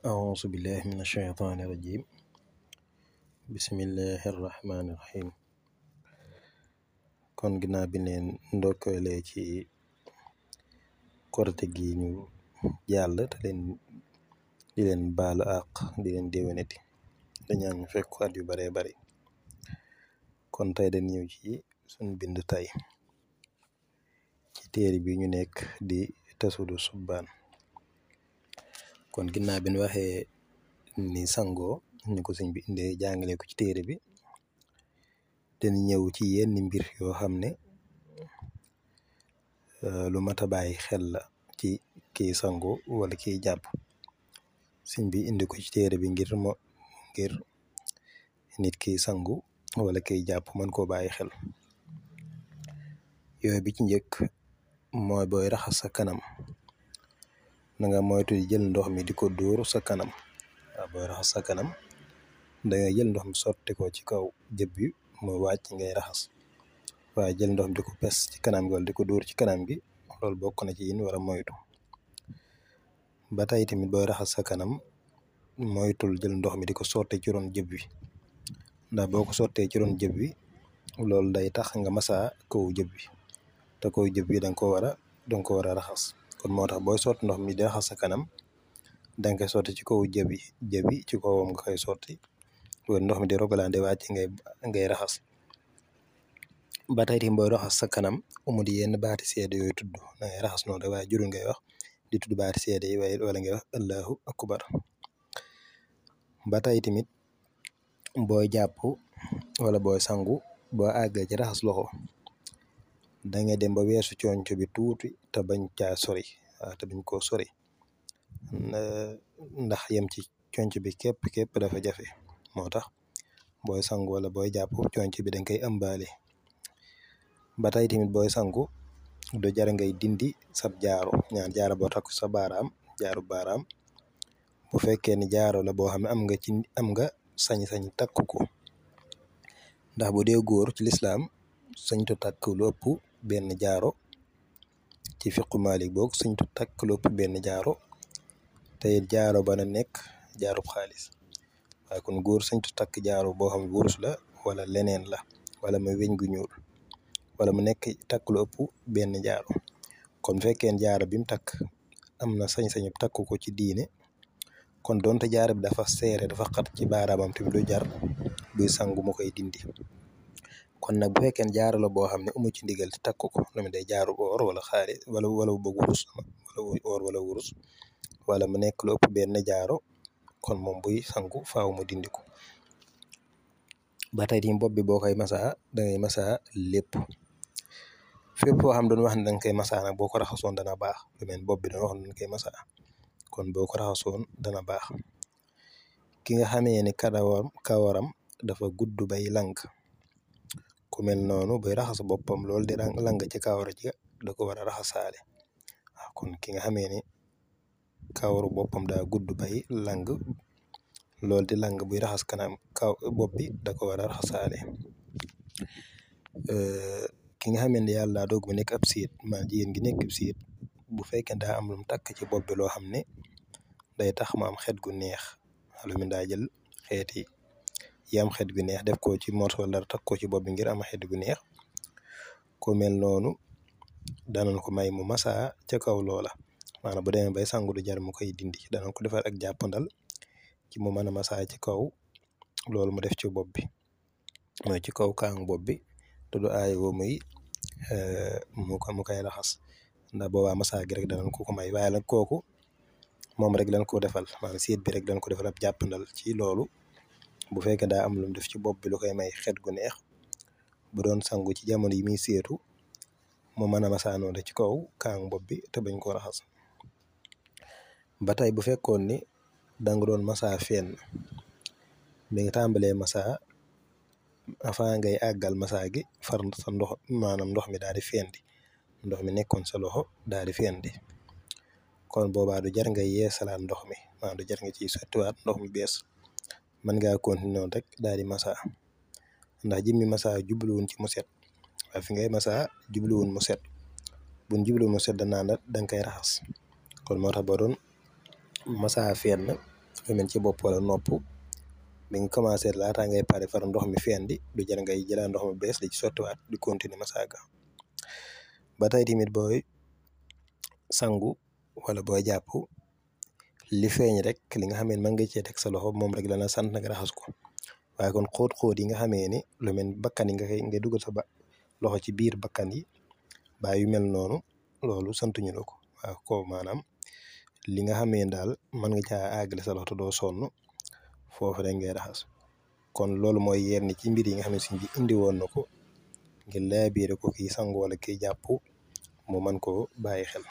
أعوذ بالله من الشيطان الرجيم بسم الله الرحمن الرحيم kon ginnaaw bi leen ndokkeelee ci korite gi ñu jàll te leen di leen baalu àq di leen déwénati dañaan ñu fekk at yu baree bari kon tey dañ ñëw ci suñ bind tey ci téere bi ñu nekk di tasudu subbaan kon ginnaaw bin ñu waxee ni sangoo ñu ko sëñ bi indee jàngale ko ci téere bi ten ñëw ci yenn mbir yoo xam ne euh, lu mat a bàyyi xel la ci kii sango wala kii jàpp sëñ bi indi ko ci téere bi ngir nit ki sangu wala ki jàpp man koo bàyyi xel yooyu bi ci njëkk mooy booy raxas sa kanam na nga moytu jël ndox mi di ko dóor sa kanam waaw raxas sa kanam da ngay jël ndox mi sotti ko ci kaw jëb bi mu wàcc ngay raxas waaye jël ndox mi di ko pes ci kanam gi wala di ko dóor ci kanam gi loolu bokk na ci yin war a moytu ba tey tamit booy raxas sa kanam moytul jël ndox mi di ko sotte ci jëb bi ndax boo ko sottee ci ron jëb bi loolu day tax nga masaa kaw jëb bi te kaw jëb bi da ko war a da ko war a raxas kon moo tax booy sotti ndox mi di raxas sa kanam danga koy sotti ci kaw jëbi jëbi ci kawam nga koy sotti loolu ndox mi di rogalaan di wàcc ngay raxas ba tey tim booy raxas sa kanam amul yenn baati seede yoy tudd da ngay raxas noonu rek waaye jurul ngay wax di tudd baati seede yi waaye wala ngay wax allahu akbar ba tey tamit booy jàpp wala booy sangu boo àggee ci raxas loxo. da nga dem ba weesu conco bi tuuti te bañ caa sori waaw te bañ koo sori euh, ndax yem ci conco bi képp képp dafa jafe moo tax booy sangu wala booy jàpp conco bi da nga koy ëmbaale ba tey tamit booy sangu do jar ngay dindi sab jaaro ñaar jaaro boo takk sa baaraam jaaru baaraam bu fekkee ni jaaro la boo xam ne am nga ci am nga sañ-sañ takku ko ndax bu dee góor ci lislaam sañ to takk lu ëpp benn jaaro ci fiqu Malik boog suñ takk lu ëpp benn jaaro te jaaro bana nekk jaaro xaalis waaye kon góor sañtu takk jaaro boo xam gurus la wala leneen la wala mu weñ gu ñuul wala mu nekk takk lu ëpp benn jaaro kon fekkeen jaaro bi mu takk am na sañ-sañu takk ko ci diine kon donte jaaro bi dafa seere dafa xat ci baaraamam tamit du jar buy sangu mu koy dindi. kon nag bu fekkee ne jaaro la boo xam ne amu ci ndigal te takku ko lu mu day jaaru oor wala xare wala wala bu wurus wala oor wala wurus wala mu nekk lu ëpp benn jaaro kon moom buy sangu faaw mu dindi ko ba tey tim bopp bi boo koy masaa dangay masaa lépp fépp foo xam doon wax ne danga koy masaa nag boo raxasoon dana baax lu mel bi doon wax ne koy masaa kon boo ko raxasoon dana baax ki nga xamee ni karawaram kawaram dafa gudd bay lang Ku mel noonu buy raxas boppam lool di lang ci kawar ga da ko war a raxasaale waaw kon ki nga xamee ni kawaru boppam daa gudd bay lang lool di lang buy raxas kanam kaw bopp bi da ko war a raxasaale ki nga xamee ni yàlla doog mu nekk ab siit jigéen gi nekk ab bu fekkee daa am lum takk ci bopp bi loo xam ne day tax mu am xet gu neex alomi mi daa jël xeeti yam am xet gu neex def ko ci morso ndar takk ko ci bopp bi ngir am xet gu neex ku noonu danañ ko may mu masa ca kaw loola maanaam bu demee bay sangu du jar mu koy dindi danañ ko defar ak jàppandal ci mu mën a masa ci kaw loolu mu def ci bopp bi mooy ci kaw kaang bopp bi te du aayoo muy eh, mu ko mu koy raxas ndax boobaa masa gi rek danañ ko ko may waaye nag kooku moom rek lañ ko defal maanaam séet bi rek lañ ko defal ab jàppandal ci loolu. bu fekkee daa am lum def ci bopp bi lu koy may xet gu neex bu doon sangu ci jamono yi muy seetu mu mën a de ci kaw kaang bopp bi te bañ koo raxas ba tey bu fekkoon ni danga doon masaa fenn bi nga tàmbalee masaa avant ngay àggal masaa gi far sa ndox maanaam ndox mi daal di fendi ndox mi nekkoon sa loxo daal di fendi kon boobaa du jar nga yeesalaat ndox mi maanaam du jar nga ciy sottiwaat ndox mi bees mën ngaa continuer :fra rek daal di masaa ndax mi masaa jubluwuñ ci mu set fi ngay masaa jubluwuñ mu set buñ jubluwuñ mu set dañ naan la da nga koy raxas kon moo tax boo doon masaa fenn lu mel ci bopp wala nopp bi nga commencé laataa ngay pare far ndox mi fenn di du jar ngay jëlaat ndox mu bees di ci waat di continuer masaa ga ba tey booy sangu wala booy jàpp. li feeñ rek li nga xamee man nga cee teg sa loxo moom rek dana sant nag raxas ko waaye kon xóot-xóot yi nga xamee ni lu mel bakkan yi nga koy nga dugal sa ba loxo ci biir bakkan yi baa yu mel noonu loolu santuñu la ko waaw ko maanaam li nga xamee daal mën nga caa àggale sa loxo doo sonn foofu rek ngay raxas kon loolu mooy yenn ci mbir yi nga xam ne suñ bi indi woon na ko ngir laabiire ko kii sangu ki kii jàpp mu mën koo bàyyi xel